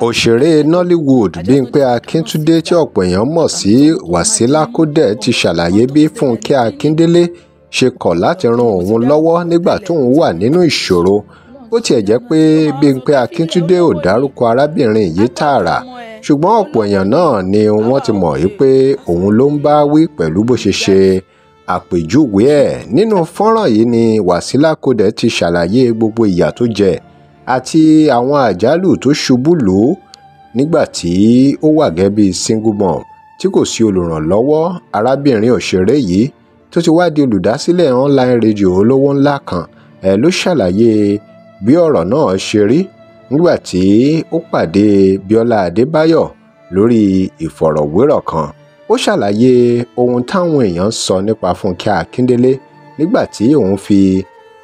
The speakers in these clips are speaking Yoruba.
Òṣèré Nollywood Bímpé Akíntúndé tí ọ̀pọ̀ èèyàn mọ̀ sí Wàsílà Coded ti ṣàlàyé bí Fúnkẹ́ Akíndélé ṣe kọ̀ láti ran òun lọ́wọ́ nígbà tóun wà nínú ìṣòro bó tiẹ̀ jẹ́ pé Bímpé Akíntúndé ò dárúkọ arábìnrin yìí tààrà ṣùgbọ́n ọ̀pọ̀ èèyàn náà ni wọ́n ti mọ̀ wípé òun ló ń bá wí pẹ̀lú bó ṣe ṣe àpèjúwe ẹ̀ nínú fọ́nrán yìí ni Wàsílà Coded ti ṣàlàyé gbogbo ìyà tó jẹ àti àwọn àjálù tó ṣubú lò ó nígbà tí ó wà gẹ́gẹ́ bí single mom tí kò sí olùrànlọ́wọ́ arábìnrin òṣèré yìí tó ti wá di olùdásílẹ̀ online radio olówó ńlá kan ẹ̀ ló ṣàlàyé bí ọ̀rọ̀ náà ṣe rí nígbà tí ó pàdé Bíọ́lá Adébáyọ̀ lórí ìfọ̀rọ̀wérọ̀ kan ó ṣàlàyé ohun táwọn èèyàn sọ nípa Fúnkẹ́ Akíndélé nígbà tí òun fi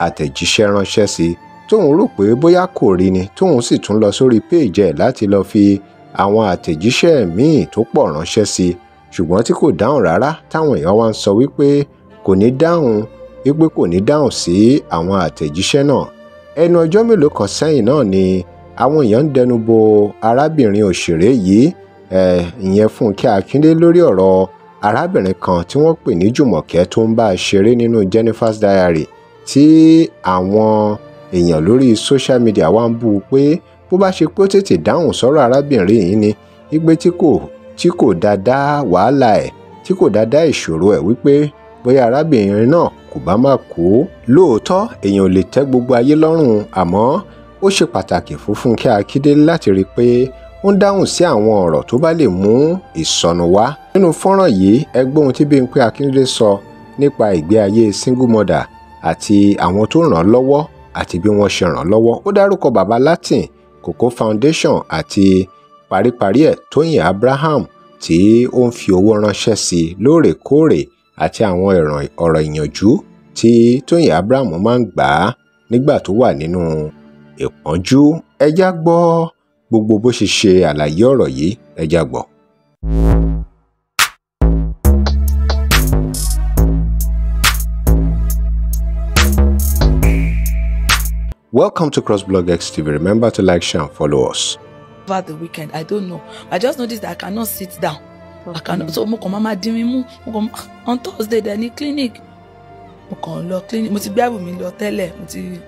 àtẹ̀jíṣẹ́ ránṣẹ́ sí i tóun rò pé bóyá kò rí ni tóun sì tún lọ sórí péèjì ẹ̀ láti lọ fi àwọn àtẹ̀jíṣẹ́ míì tó pọ̀ ránṣẹ́ sí i ṣùgbọ́n tí kò dáhùn rárá táwọn èèyàn wá ń sọ wípé kò ní dáhùn wípé kò ní dáhùn sí àwọn àtẹ̀jíṣẹ́ náà ẹnu ọjọ́ mélòó kan sẹ́yìn náà ni àwọn èèyàn ń dẹnu bo arábìnrin òṣèré yìí eh, ìyẹn Fúnkẹ́ Akíndé lórí ọ̀rọ̀ arábìnrin kan tí wọ́n pè ní Jùmọ̀kẹ́ tó ń bá a ṣeré nínú Jennifer's Diary tí àwọn èèyàn lórí social media wa ń bú u pé bó bá ṣe pé ó tètè dáhùn sọ̀rọ̀ arábìnrin yìí ni igbe tí kò tí kò dáadáa wàhálà ẹ̀ tí kò dáadáa ìṣòro ẹ̀ wípé bóyá arábìnrin náà kò bá má kó lóòótọ́ èèyàn ò lè tẹ́ gbogbo ayé lọ́rùn àmọ́ ó ṣe pàtàkì fún Fúnkẹ́ Akíndélé láti rí i pé ó ń dáhùn sí àwọn ọ̀rọ̀ tó bá lè mú ìsọnù wá nínú fọ́nrán yìí ẹ ohun tí Bímpé Akíndélé sọ nípa ìgbé ayé single mother àti àwọn tó ràn án lọ́wọ́ àti bí wọ́n ṣe ràn lọ́wọ́ ó dárúkọ baba Latin Cocoa Foundation àti paríparí ẹ̀ Tóyìn Abraham tí ó ń fi owó ránṣẹ́ sí i lóòrèkóòrè àti àwọn ọ̀rọ̀ ìyànjú tí Tóyìn Abraham máa ń gbà á nígbà tó wà nínú ìpọ́njú ẹjá gbọ́ gbogbo bó ṣe ṣe àlàyé ọ̀rọ̀ yìí ẹjá gbọ́. Welcome to Crossblog TV. Remember to like, share, and follow us. Over the weekend, I don't know. I just noticed that I cannot sit down. Okay. I cannot. So mo kàn máa dín on Thursday dẹ̀ ní clinic. Mo kàn lọ clinic. Mo ti gbé àbò mi lọ tẹ́lẹ̀. Mo ti.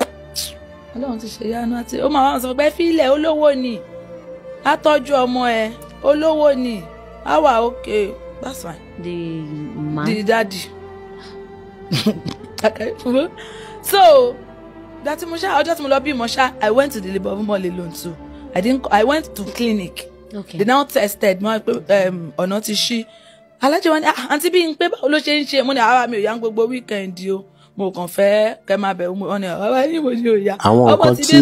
Ọlọ́run ti ṣe yánu àti. Ó máa wá sọ pé fílẹ̀ olówó ni. Á tọ́jú ọmọ ẹ. Olówó ni. okay. That's fine. The man. The daddy. Okay. so. dati mo ṣá ọjọ́ tí mo lọ bí mo ṣá i went to the labour of mole loan too i didn't i went to clinic okay. they now tested mo pe um, ọ̀nà ti ṣí alájẹ wọn ni ah àǹtí bí n pé báwo ló ṣe ń ṣe mo ní ara mi ò yá gbogbo weekend o mo kàn fẹ́ kẹ́ máa bẹ̀ wọ́n ní ọ̀rọ̀ ẹni mo ṣe òyà. àwọn nǹkan tí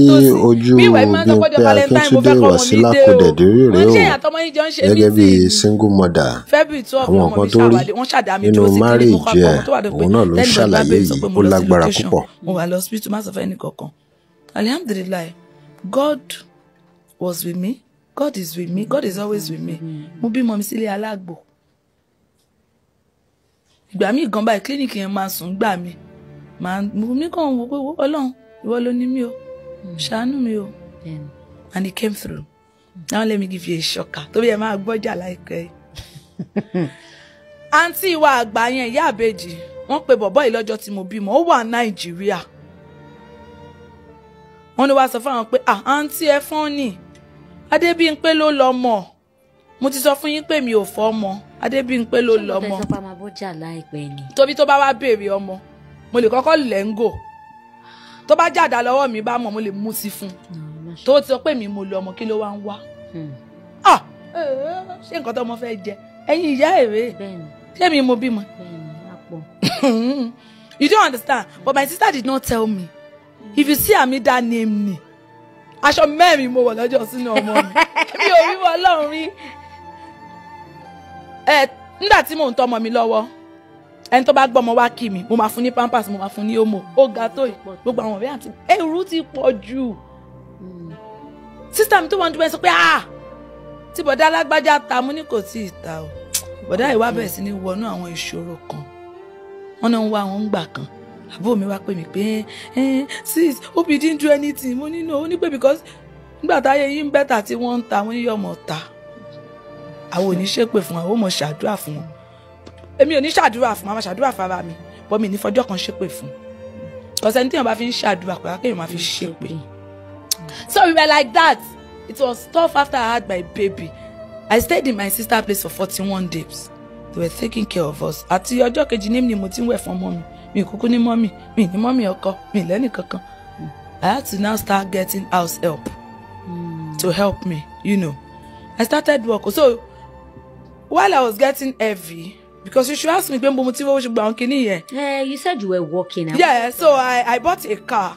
ojú Bímpé Akíntúndé Wasila kò dẹ̀ dérí rèé o gẹ́gẹ́ bí single mother àwọn nǹkan tó rí nínú marriage ẹ̀ òun náà ló ń ṣàlàyé yìí ó lágbára púpọ̀. mo wà lọ hospital má sọ fẹ́ alihamdulilayi God was with me God is with me God is always with me mo bímọ mi sílé alágbo ìgbà míì gan báyìí kílíníkì yẹn máa sùn gbà mí màá mi kàn wò pé ọlọ́run ìwọ ló ní mi o hmm. ṣàánú mi o and he came through now let me give you a shocker torí ẹ máa gbọ́jà láìpẹ́ àǹtí ìwà àgbà yẹn ìyá àbèjì wọ́n pe bọ̀bọ́ yìí lọ́jọ́ tí mo bímọ ó wà nàìjíríà wọ́n ní wàá sọ fún àwọn pé àǹtí ẹ fọ́n nì adébíyìnpé ló lọ mọ̀ mo ti sọ fún yín pé mi ò fọ́ ọmọ adébíyìnpé ló lọ mọ̀ tóbi tó bá wá béèrè ọmọ mo lè kọ́kọ́ lẹ́ńgò tó bá jàdá lọ́wọ́ mi bá mọ̀ mo lè mú sí fún un tó ti sọ pé mi mo lu ọmọ kí ló wá ń wá hmm. ah! ṣé nǹkan tó ọmọ fẹ́ jẹ ẹ̀yin ìyá èrè ṣé mi mo bímọ. you don't understand but my sister did not tell me if you see amida name me aṣọ mẹ́rin mo wọ̀ lọ́jọ́ sínú ọmọ mi mi ò rí wọ́n lọ́rùn rí ẹ̀ nígbà tí mò ń tọ́ ọmọ mi lọ́wọ́ ẹni tó bá gbọ́ ọmọ wá kí mi mo máa fún ní pampers mo máa fún ní omo ó ga tó gbogbo àwọn ọ̀rẹ́ àti ẹrù ti pọ̀ jù sísítà mi tó wọ́n dúpẹ́ sọ pé ah tí bọ̀dá alágbájá ta mú ní kò tí ì ta o bọ̀dá ìwà bẹ̀rẹ̀ sí ní wọnú àwọn ìṣòro kan wọ́n náà ń wá àwọn ńgbà kan àbúrò mi wá pè mí pé eh, sis Obi didn't do anything mo nínú ó ní pé because nígbà táyé yín ń bẹ́tà tí wọ́n ń ta wọ́n yíyọ̀ mọ̀ ta àwọn ò ní ṣépè fún wọn àwọn mọ̀ ṣàdúrà fún wọn èmi ò ní ṣàdúrà fún màmá ṣàdúrà fún ara mi bọ́ mi ní fọjọ́ kan ṣépè fún ọ̀sẹ̀ tí èèyàn bá fi ń ṣàdúrà pé akéèyàn máa fi ṣépè so we were like that it was tough after I had my baby I stayed in my sister place for forty one days they were taking care of us àti ọjọ́ kejì ní mi ni mo ti ń wẹ̀ fún ọmọ mi mi kúkú ní mọ́mì mi ní mọ́mì ọkọ mi lẹ́nì kankan I had to now start getting house help to help me you know I started work so while I was getting heavy because you should ask me pé mo ti fowó ṣe gba àwọn kinní yẹn. Eh, you said you were working. yeah so I, I bought a car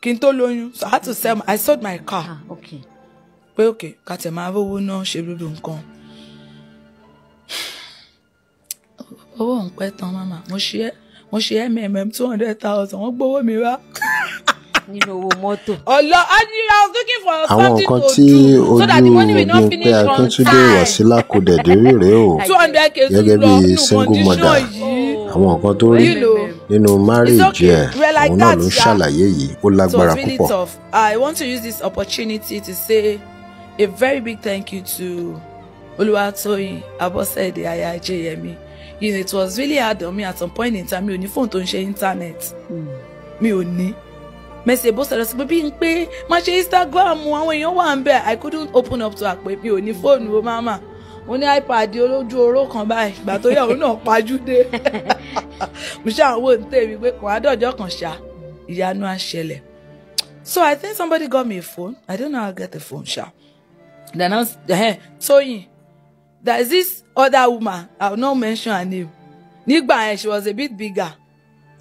kí n tó lóyún so I had to sell my, I sold my car. Ah, okay. pé òkè kàtẹ́ máa rówó náà ṣe lódò nǹkan. owó ń pẹ́ tán mama mo ṣe mo ṣe mm two hundred thousand wọ́n gbowó mi wá. nínú owó mọ́tò. ọlọ ọdínlá looking for something to do àwọn nǹkan tí olú Bímpé Akíntúndé Wàsílà kò dẹ̀dẹ̀ rèé o gẹ́gẹ́ bí single mother àwọn nǹkan tó rí nínú márèèjì ẹ̀ òun náà ló ṣàlàyé yìí ó lágbára púpọ̀. I want to use this opportunity to say a very big thank you to Olúwatóyìn Abọ́sẹ̀dé Aya Ajéyẹmí. You know, it was really hard on me at some point in time mi ò ní fóònù tó ń ṣe internet hmm. mi ò ní mẹsẹ̀ bó sọ̀rọ̀ sí pé bí n pé má ṣe instagram àwọn èèyàn wà ń bẹ̀ i couldn't open up to àpè mi ò ní fóònù o mama mo ní ipad olójú oró kan báyìí ìgbà tó yà òun náà pajú dé mo ṣàwò ń tèmi pé kò àdọ́jọ́ kan ṣá ìyanu á ṣẹlẹ̀ so i think somebody got me a phone i don't know how to get the phone ṣá then i eh, Toyin there is this other woman i will not mention her name nígbà yẹn she was a bit bigger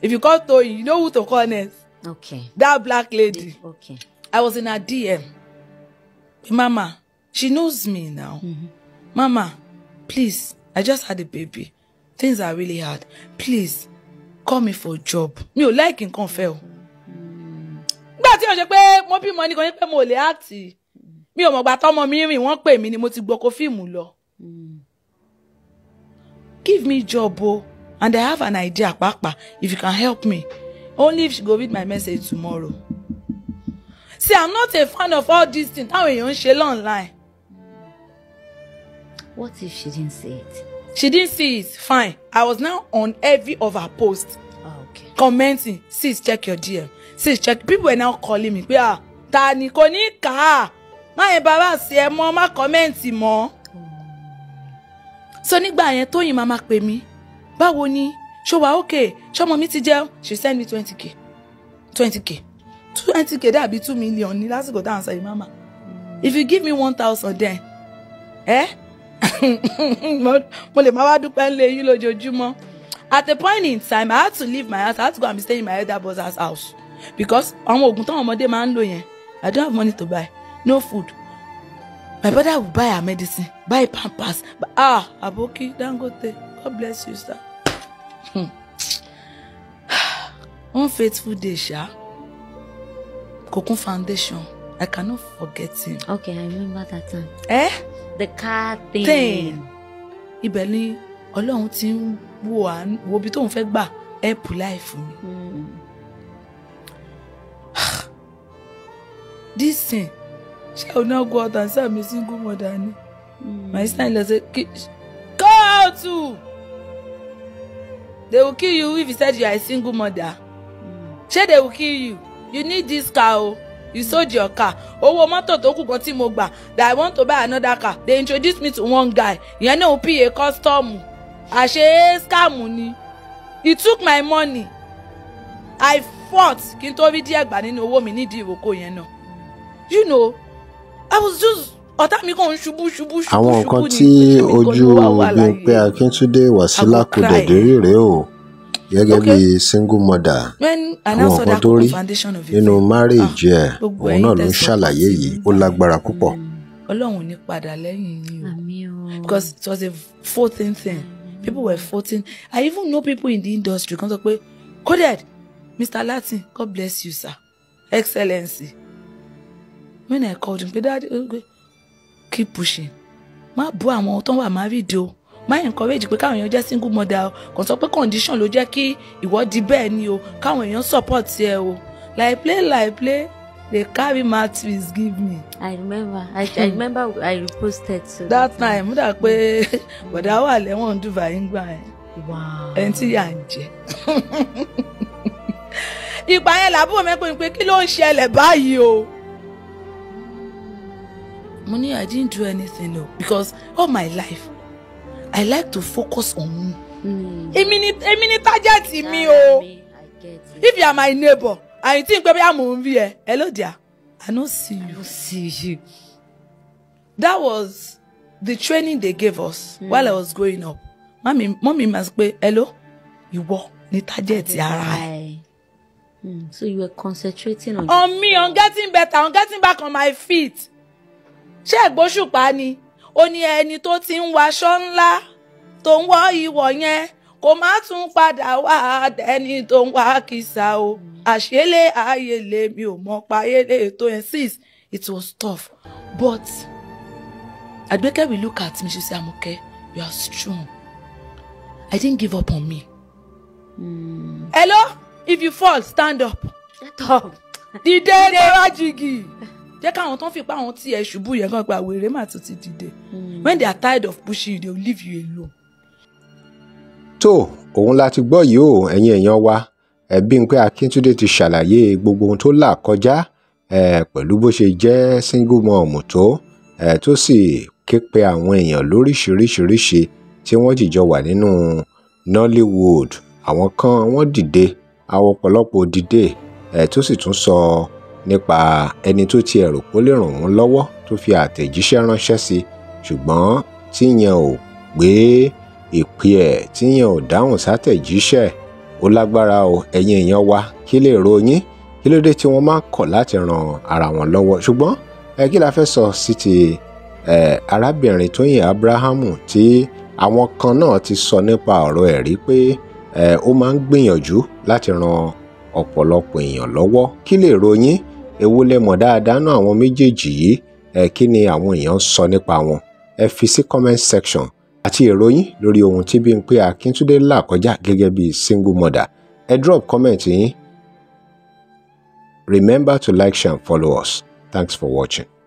if you call Toyin you know who to call next Okay. That black lady. Okay. I was in her DM. Mama, she knows me now. Mm-hmm. Mama, please, I just had a baby. Things are really hard. Please, call me for a job. Me, you like nǹkan fẹ́ o. Nígbà tí mo ṣe pé mo bímọ ní kan ní pé mo lè áàtì. Mi ò mọ̀gbà tọ́mọ mi rìn wọ́n pè mí ni mo ti gboko fíìmù lọ. Mm. Give me job o and I have an idea pàápàá if you can help me only if she go read my message tomorrow see i'm not a fan of all these things How èèyàn ń ṣe online. what if she didn't see it. she didn't see it fine i was now on every of her posts ah, okay. commenting sis check your dm sis check people were now calling me pé ah ta ni kò ní kà á má embarrass ẹ mọ́ má kọ́mẹ́ǹtì mọ́. Oh. so nígbà yẹn tóyìn máa máa pè mí báwo ni ṣó wà okay ṣọmọ mi ti jẹun she send me twenty k twenty k twenty k dàbí two million ní lásìkò tá à ń sọ yìí mama if you give me one thousand then eh?" mo lè má wá dúpẹ́ ńlẹ̀ yín lójoojúmọ́ at a point in time i had to leave my house i had to go and be staying in my elder brother's house because àwọn oògùn táwọn ọmọdé máa ń lò yẹn i don't have money to buy no food my brother will buy her medicine buy pampers but ah aboki dangote god bless you sir. Hmm. one faithful day ṣá Kokun foundation I cannot forget him. Okay, I remember that time. Eh? The car thing. thing. ibẹ̀ ni Ọlọ́run ti ń wo wo ibi tóun fẹ́ gbà ẹ̀pù láì fún mi. Hmm. this thing ṣé o náà go out and say I'm a single mother ni. Hmm. my son lọ sí kí too they will kill you if you said you are a single mother ṣé they will kill you you need this car o you sold your car owó mọ́tò tó kù kan tí mo gbà that i want to buy another car they introduce me to one guy ìyẹn náà a custom àṣé scam ni he took my money i fought kí n tó rí díẹ̀ gbà nínú owó mi nídìí ìrókò yẹn náà you know i was just ọ̀tá mi kàn ń ṣubú ṣubú ṣubú àwọn nǹkan tí ojú Bímpé Akíntúndé Wasila kò dẹ̀dẹ̀ rí rèé o gẹ́gẹ́ bí single mother àwọn nǹkan tó rí nínú marriage ah, ẹ̀ òun náà ló ń ṣàlàyé yìí ó lágbára hmm. púpọ̀. ọlọ́run ní padà lẹ́yìn yìí o because it was a fourteen thing hmm. people were fourteen I even know people in the industry kan sọ pé coded Mr. Latin God bless you sir Excellency when I called him pe dadi keep pushing má bú àwọn tó ń wà married o má encourage pé káwọn èèyàn jẹ́ single mother o kàn sọ pé condition ló jẹ́ kí ìwọ di bẹ́ẹ̀ ni o káwọn èèyàn support ẹ o like play like play they carry my twins give me. i remember i, I hmm. remember i reposted. So that, that time mo dà pé bọ̀dá wà lẹ́wọ̀n dubai ń gbà yẹn ẹni tí yà ń jẹ ìgbà yẹn làbúrò mẹ́pẹ́ pé kí ló ń ṣẹlẹ̀ báyìí o. Money, i didn't do anything o because all my life i like to focus on me. Hmm. èmi ni èmi ni tájẹ́ẹ̀tì mi o if you are my neighbor àyìn tí n pẹ́ bí àmọ̀ ń ẹ hello dear i no see you. no see you. that was the training they gave us mm. while i was growing up mami mami ma sọ pé hello ìwọ ni tájẹ́ẹ̀tì ara ẹ. Mm, so you were concentrating on. on me on getting better on getting back on my feet ṣé ẹ̀gbóṣùpá ni ó ní ẹni tó ti ń waṣọ ńlá tó ń wọ ìwọ̀ yẹn kò má tún padà wá dẹni tó ń wá kìsà o àṣẹlẹ ayẹlẹ mi ò mọ payẹlẹ ètò ẹ sis it was tough but We look at me she say Amoke you are strong I didn't give up on me. Hmm. hello if you fall stand up. stand up. dìde lọ́ra jìgì jẹ́ káwọn tán fi pa àwọn tí ẹ ṣubú yẹn kan gba wèrè mà tún ti dìde hmm. when they are tired of pushing you they will leave you alone. tó òun la ti gbọ́ yìí o ẹ̀yin èèyàn wa ẹ̀bí ń pé Akíntúndé ti ṣàlàyé gbogbo ohun tó là kọjá pẹ̀lú bó ṣe jẹ́ single mom tó tó sì ké pe àwọn èèyàn lóríṣiríṣiríṣi tí wọ́n jìjọ wà nínú Nollywood àwọn kan wọ́n dìde àwọn ọ̀pọ̀lọpọ̀ dìde tó sì tún sọ. So, nípa ẹni tó tiẹ̀ rò pé ó lè ràn wọ́n lọ́wọ́ tó fi àtẹ̀jíṣẹ́ ránṣẹ́ sí ṣùgbọ́n tíyẹn ò gbé ìpè ẹ̀ tíyẹn ò dáhùn sátẹ̀jíṣẹ́ ó lágbára o ẹ̀yin èèyàn wa kí lè ro yín kí ló dé tí wọ́n máa ń kọ̀ láti ran ara wọn lọ́wọ́ ṣùgbọ́n ẹ kí la fẹ́ sọ sí ti arábìnrin Tóyìn Abrahamu tí àwọn kan náà ti sọ nípa ọ̀rọ̀ ẹ̀ rí pé ó máa ń gbìyànjú láti ran ọ̀pọ̀lọpọ̀ èèyàn lọ́wọ́ kí lè ro yín èwo lẹ mọ̀ dáadáa náà àwọn méjèèjì yìí ẹ kí ni àwọn èèyàn sọ nípa wọn ẹ fi sí comment section àti ìròyìn lórí ohun tí Bímpé Akíntúndé là kọjá gẹ́gẹ́ bí single mother ẹ drop comment yín remember to like share and follow us thanks for watching.